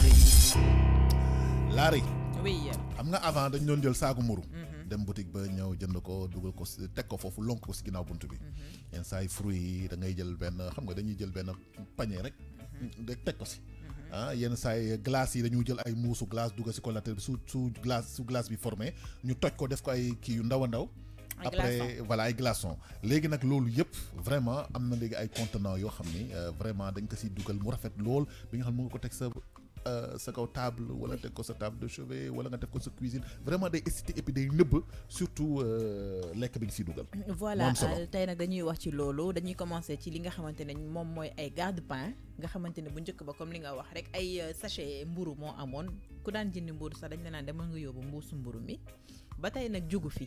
Larry. Larry. oui. xam nga avant dañ doon jël saaku mburu mhm. dem boutique ba ñëw jënd ko dugal ko teg ko foofu lonk ko si ginnaaw bunt bi. Mhm. yenn saa yi yi da ngay jël benn xam nga dañuy jël benn pañe rek. rek mhm. teg ko si. ah yenn saa yi yi dañuy jël ay muusu glace si collatéral bi su su glace su glace bi formé ñu toj ko def ko ay kii yu ndaw a ndaw. après voilà ay glaçons léegi nag loolu yëpp vraiment am na léegi ay contenant yoo xam ni euh, vraiment dañ ko siy dugal mu rafet lool bi nga xam ne mu nga ko teg sa Euh, sa kaw table wala teg ko sa table de chevet wala nga te ko sa cuisine vraiment day excité et puis day nëbb surtout euh, lekk bi si siy dugal. voilà euh, tey nag dañuy wax ci loolu dañuy commencer ci li nga xamante ne moom mooy ay garde-pain nga xamante ne bu njëkk ba comme li nga wax rek ay sachet mburu moo amoon ku daan jëndi mburu sax dañ la naan demal nga yóbbu mbuusu mburu mi. ba tey nag jugu fi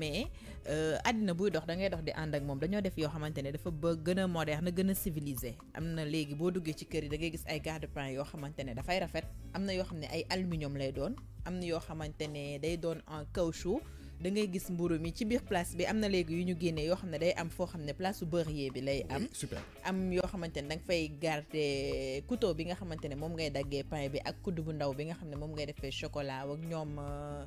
mais euh, àddina buy dox dangay dox di ànd ak moom dañoo def yoo xamante ne dafa ba gën a na gën a civilisé am na léegi boo duggee ci kër yi da ngay gis ay garde-pain yoo xamante ne dafay rafet am na yoo xam ne ay aluminium lay doon am na yoo xamante ne day doon en caoutchouc da ngay gis mburu mi ci biir place bi am na léegi yu ñu génnee yoo xam ne day am foo xam ne place su beurrier bi lay am super am yoo xamante ne da nga fay garder couteau bi nga xamante ne moom ngay daggee pain bi ak kudd bu ndaw bi nga xam ne moom ngay defee chocolat ak ñoom euh,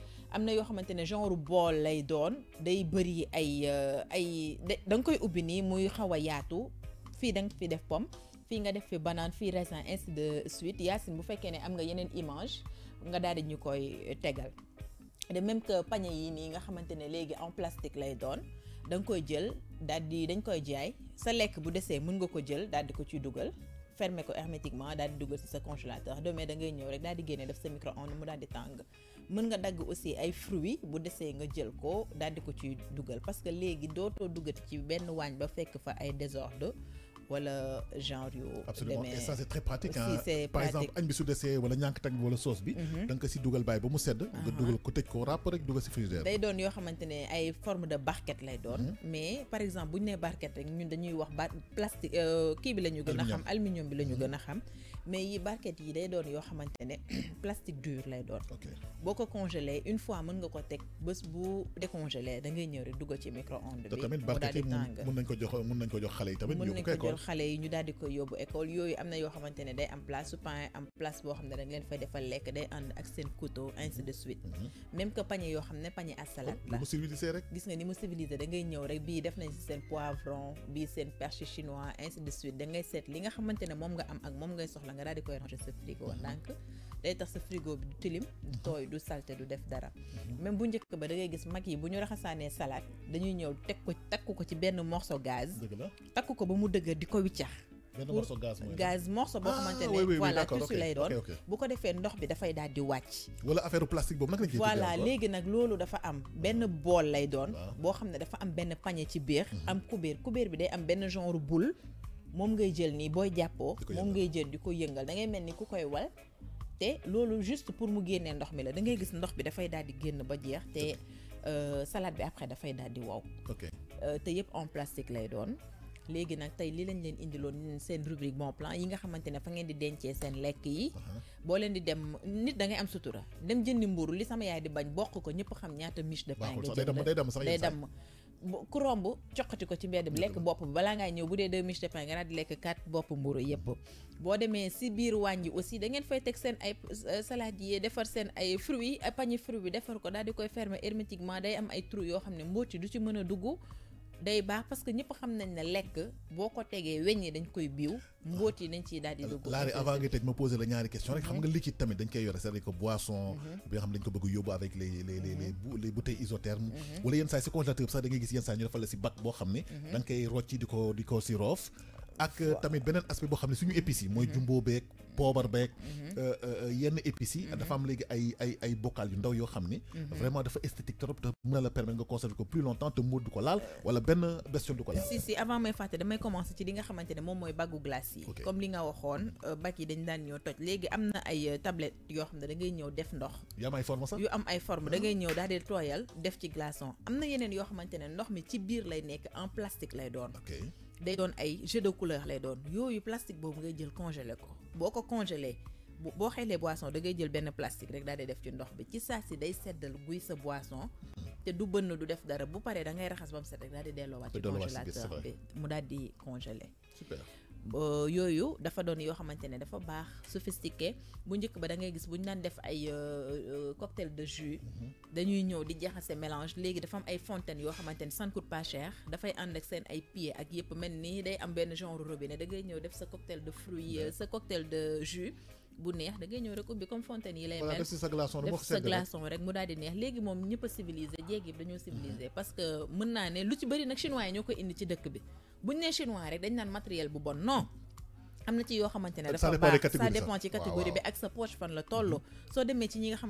am na yoo xamante ne genre bool lay doon day bëri ay euh, ay da nga koy ubbi nii muy xaw a yaatu fii da nga fi def pomme fii nga def fi banaan fii raisin ainsi de suite Yacine bu fekkee ne am nga yeneen image nga daal di ñu koy tegal de même que panier yi nii nga xamante ne léegi en plastique lay doon da nga koy jël daal di dañ koy jaay sa lekk bu desee mun nga ko jël daal di ko ci dugal fermer ko hermétiquement daal di dugal ci sa congélateur demee da ngay ñëw rek daal di génne def sa micro-ondes daal di tàng mën nga dagg aussi ay fruits bu desee nga jël ko daal di ko ciy dugal parce que léegi dootoo duggati ci benn waañ ba fekk fa ay désordre wala genre yo absolument et ça c'est très pratique ah. par exemple añ bisou de desee wala ñànk tag bi wala sauce bi. Mhm. da ko si dugal bàyyi ba mu sedd. nga dugal ko tëj ko ràpp rek dugal si frigidaire day doon yoo xamante ay forme de barquette lay doon. Mhm. mais par exemple bu ñu barquette rek ñun dañuy wax plastique euh, kii bi la ñu gën a xam. aluminium bi la ñu mhm. gën xam. mais yi barquette yi day doon yoo xamante ne plastique dur lay doon. boo ko congelé une fois mën nga ko teg bés bu décongelé da ngay ñëw rek dugal ci micro onde bi. mu tamit barquette yi mën nañ ko jox mën nañ ko jox xale tamit. ñu koy ko xale yi ñu daal di koy yóbbu école yooyu am na yoo xamante ne day am place su pain am place boo xam ne dañ leen fay defal lekk day ànd ak seen couteau ainsi de suite. Mhm. même que pañe yoo xam ne panier à salade oh, la. mu civilisé rek. gis nga ni mu civilisé dangay ñëw rek bii def nañ si seen poivron bii seen perche chinois ainsi de suite da ngay seet li nga xamante ne moom nga am ak moom ngay soxla nga daal di koy ranger sa frigo. Mhm. donc day tax sa frigo bi du tilim du mhm. tooy du salte du def dara mhm. même bu njëkk ba da ngay gis mag yi bu ñu raxasaanee salade dañuy ñëw teg ko takk ko ci benn morceau gaz takk ko ba mu dëgër di ko wiccax benn morceau gaz mooy gaz morceau boo ah, xamante ne voilà tissu lay doon bu ko defee ndox bi dafay daal di wàcc wala affaire plastique boobu nag lañ voilà léegi nag loolu dafa am benn bool lay doon boo xam ne dafa am benn panier ci biir mhm. am kubéer kubéer bi day am benn genre boule moom ngay jël nii booy jàppoo moom ngay jël di ko yëngal da ngay mel ni ku koy wal te loolu juste pour mu génnee ndox mi la da ngay gis ndox bi dafay daal di génn ba jeex te euh, salade bi après dafay daal di wow euh, te yëpp en plastique lay doon léegi nag tey li lañ leen indiloon seen rubrique bon plan yi nga xamante ne fa ngeen di dencee seen lekk yi uh-huh. boo leen di dem nit da ngay am sutura dem jëndi mburu li sama yaay di bañ bokk ko ñëpp xam ñaata miche de sax nga jënd day damm ku romb coqati ko ci mbedd bi lekk bopp bi balaa ngaa ñëw bu dee deux miches de pain nga lekk quatre bopp mburu yëpp boo demee si biir wàññi aussi da ngeen fay teg seen ay euh, salade yi defar seen ay fruits pañi fruit bi defar ko daal di koy fermer hermétiquement day am ay trou yoo xam ne mbóoti du ci mën a dugg day baax parce que ñëpp xam nañ ne lekk boo ko tegee weñ yi dañ koy biiw mbóot yi dañ ciy daal di dugg laari avant ngay ma posé la ñaari question rek xam nga liquide tamit dañ koy yore c'est-à-dire que boisson mhm. bi nga xam dañ ko bëgg yóbbu avec les les les les mhm. bouteilles isothermes mhm. wala yenn saa si congélateur bi sax da ngay gis yenn saa ñu defal si bac boo xam ne da rocci di ko di ko si roof ak tamit beneen aspect boo xam ne suñu épices yi mooy mhm. jumbo beeg poobar beeg mhm. euh, euh, euh, yenn épices yi mhm. dafa am léegi ay ay ay bocal yu ndaw yoo xam ni vraiment dafa esthétique trop te mën la permettre nga conserver ko plus longtemps te muur du ko laal wala benn bestion du ko laal si si avant may fàtte damay commencer ci li nga xamante ne moom mooy baggu glace yi comme li nga waxoon bac yi dañ daan ñëw toj léegi am na ay tablette yoo xam ne da ngay ñëw def ndox yu am ay forme sax yu am ay forme da ah. ngay ñëw daal di tooyal def ci glaçon am na yeneen yoo xamante ne ndox mi ci biir lay nekk en plastique lay doon day doon ay jeu de couleur lay doon yooyu plastique boobu ngay jël congelé ko boo ko congelé boo xeelee boisson da ngay jël plastique rek daal di def ci ndox bi ci day sa boisson te du bënn du def dara bu da ngay raxas rek congélateur super euh, yooyu dafa doon yoo xamante ne dafa baax sophistiqué bu njëkk ba da ngay gis buñ ñu daan def ay euh, euh, cocktail de jus mhm. dañuy ñëw di jaxase mélange léegi dafa am ay fontaine yoo xamante ne ça coûte pas cher dafay ànd ak seen ay pieds ak yëpp mel ni day am benn genre robinet da ngay ñëw def sa cocktail de fruits sa cocktail de jus bu neex da ngay rek ubbi comme fontaine yi lay mel sa glaçon mm-hmm. parce que lu chinois indi ci chinois matériel bon non ci dépend catégorie sa poche fan la toll mm-hmm. soo demee ci ñi nga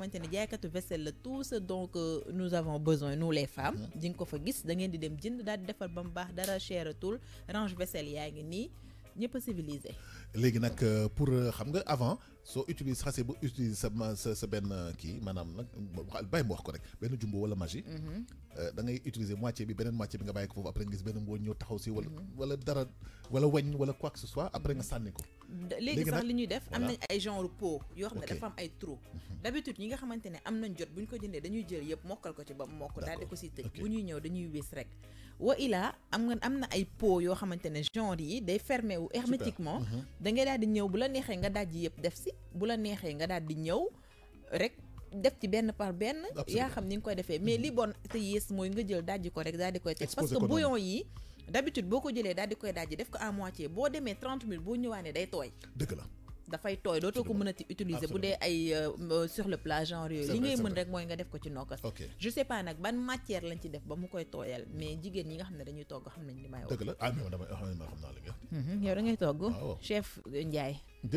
vaisselle tout donc euh, nous avons besoin nous les femmes mm-hmm. di nga ko fa gis da ngeen di dem di range vaisselle ñëpp a civilisé. léegi nag euh, pour euh, xam nga avant soo utilise xasee ba utilise sa sa sa benn kii maanaam nag bàyyi mu wax ko rek benn jumbo wala magie. Euh, da ngay utiliser moitié bi beneen moitié bi nga bàyyi ko foofu après nga gis benn mbooñ ñëw taxaw si wala mhm. wala dara wala weñ wala quoi que ce soit après nga mhm. sànni ko. léegi sax li ñuy def am nañ ay genre pot yoo xam ne dafa am ay trou mhm. d'habitude ñi nga xamante ne am nañ jot bu ñu ko jëndee dañuy jël yëpp mokkal ko ci ba mokk daal di ko siy tëj bu ñuy ñëw dañuy wis rek wa ila am nga am na ay pot yoo xamante ne genre yi day fermé wu hermétiquement da ngay daal di ñëw bu la neexee nga daj yëpp def si bu la neexee nga daal di ñëw rek def ci benn par benn yaa xam ni nga koy defee mais mhm. li bon te yées mooy nga jël dajj ko rek daal di koy teg parce que bouillon yi d'habitude boo ko jëlee daal di koy dajj def ko à moitié boo demee 30 mille boo ñëwaanee day tooy dëgg la dafay toy doto ko meuna ci utiliser boudé ay euh, euh, sur le plat genre yooyu li ngay meun rek moy nga def ko ci nokkas je sais pas nak ban matière lañ ci def ba mu koy tooyal mais jigen yi nga xam dañuy togg xam nañ li may wax deug la ah mais damay ah, xam naa li nga mhm, yow da ngay togg ah, chef euh, ndjay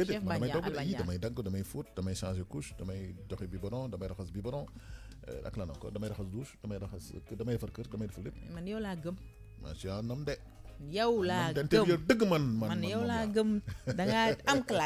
chef man damay togg yi damay dagg damay fóot damay changer couche damay joxe biberon damay raxas biberon ak lan encore damay raxas douche damay raxas damay far keur damay def lepp man yow la gëm man ci am de yow laa gëm dëgg man man yow la gëm da nga am classe